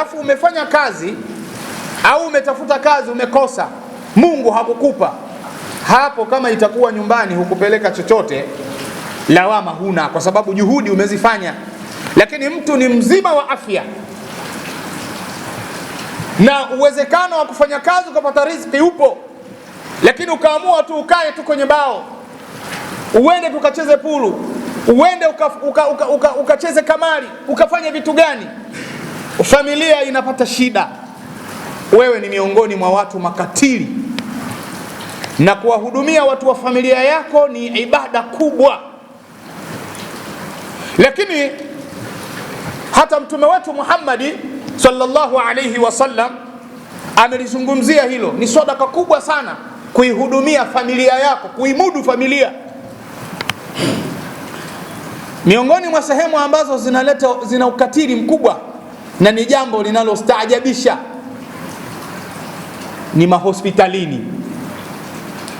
alafu umefanya kazi au umetafuta kazi umekosa, Mungu hakukupa hapo, kama itakuwa nyumbani hukupeleka chochote, lawama huna, kwa sababu juhudi umezifanya. Lakini mtu ni mzima wa afya na uwezekano wa kufanya kazi ukapata riziki upo, lakini ukaamua tu ukae tu kwenye bao, uende tukacheze pulu, uende ukacheze uka, uka, uka, uka kamari, ukafanya vitu gani? familia inapata shida, wewe ni miongoni mwa watu makatili, na kuwahudumia watu wa familia yako ni ibada kubwa. Lakini hata mtume wetu Muhammadi sallallahu alayhi wasallam amelizungumzia hilo, ni sadaka kubwa sana kuihudumia familia yako, kuimudu familia. Miongoni mwa sehemu ambazo zinaleta zina ukatili mkubwa na ni jambo linalostaajabisha ni mahospitalini,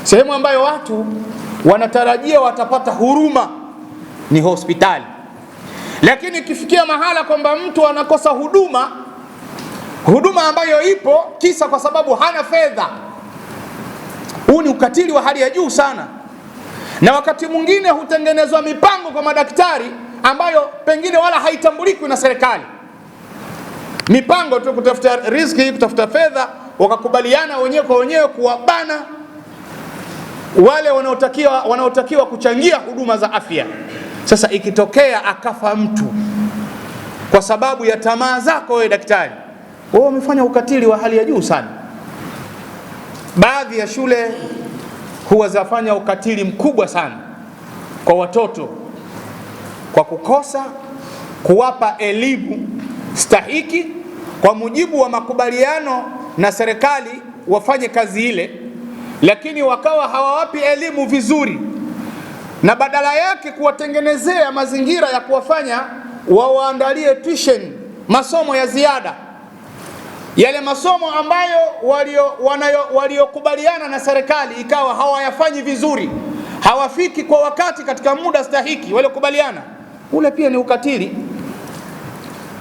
sehemu ambayo watu wanatarajia watapata huruma ni hospitali, lakini ikifikia mahala kwamba mtu anakosa huduma, huduma ambayo ipo kisa kwa sababu hana fedha, huu ni ukatili wa hali ya juu sana. Na wakati mwingine hutengenezwa mipango kwa madaktari ambayo pengine wala haitambuliki na serikali mipango tu, kutafuta riziki, kutafuta fedha, wakakubaliana wenyewe kwa wenyewe kuwabana wale wanaotakiwa wanaotakiwa kuchangia huduma za afya. Sasa ikitokea akafa mtu kwa sababu ya tamaa zako wewe daktari, wewe umefanya ukatili wa hali ya juu sana. Baadhi ya shule huwa zafanya ukatili mkubwa sana kwa watoto kwa kukosa kuwapa elimu stahiki kwa mujibu wa makubaliano na serikali wafanye kazi ile, lakini wakawa hawawapi elimu vizuri, na badala yake kuwatengenezea mazingira ya kuwafanya wawaandalie tuition, masomo ya ziada, yale masomo ambayo waliokubaliana walio na serikali, ikawa hawayafanyi vizuri, hawafiki kwa wakati katika muda stahiki waliokubaliana. Ule pia ni ukatili,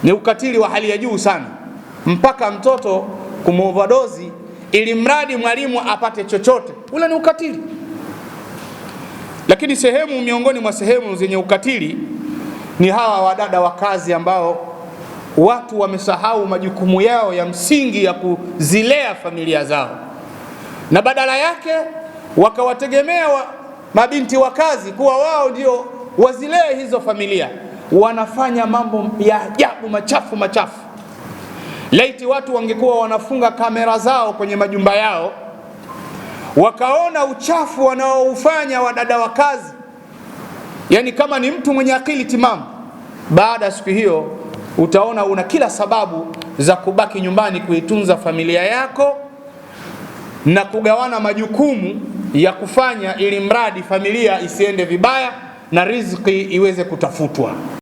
ni ukatili wa hali ya juu sana mpaka mtoto kumovadozi, ili mradi mwalimu apate chochote, ule ni ukatili. Lakini sehemu miongoni mwa sehemu zenye ukatili ni hawa wadada wa kazi ambao watu wamesahau majukumu yao ya msingi ya kuzilea familia zao, na badala yake wakawategemea wa, mabinti wa kazi kuwa wao ndio wazilee hizo familia. Wanafanya mambo ya ajabu machafu machafu Laiti watu wangekuwa wanafunga kamera zao kwenye majumba yao, wakaona uchafu wanaoufanya wadada wa kazi, yaani kama ni mtu mwenye akili timamu, baada ya siku hiyo utaona una kila sababu za kubaki nyumbani kuitunza familia yako na kugawana majukumu ya kufanya, ili mradi familia isiende vibaya na riziki iweze kutafutwa.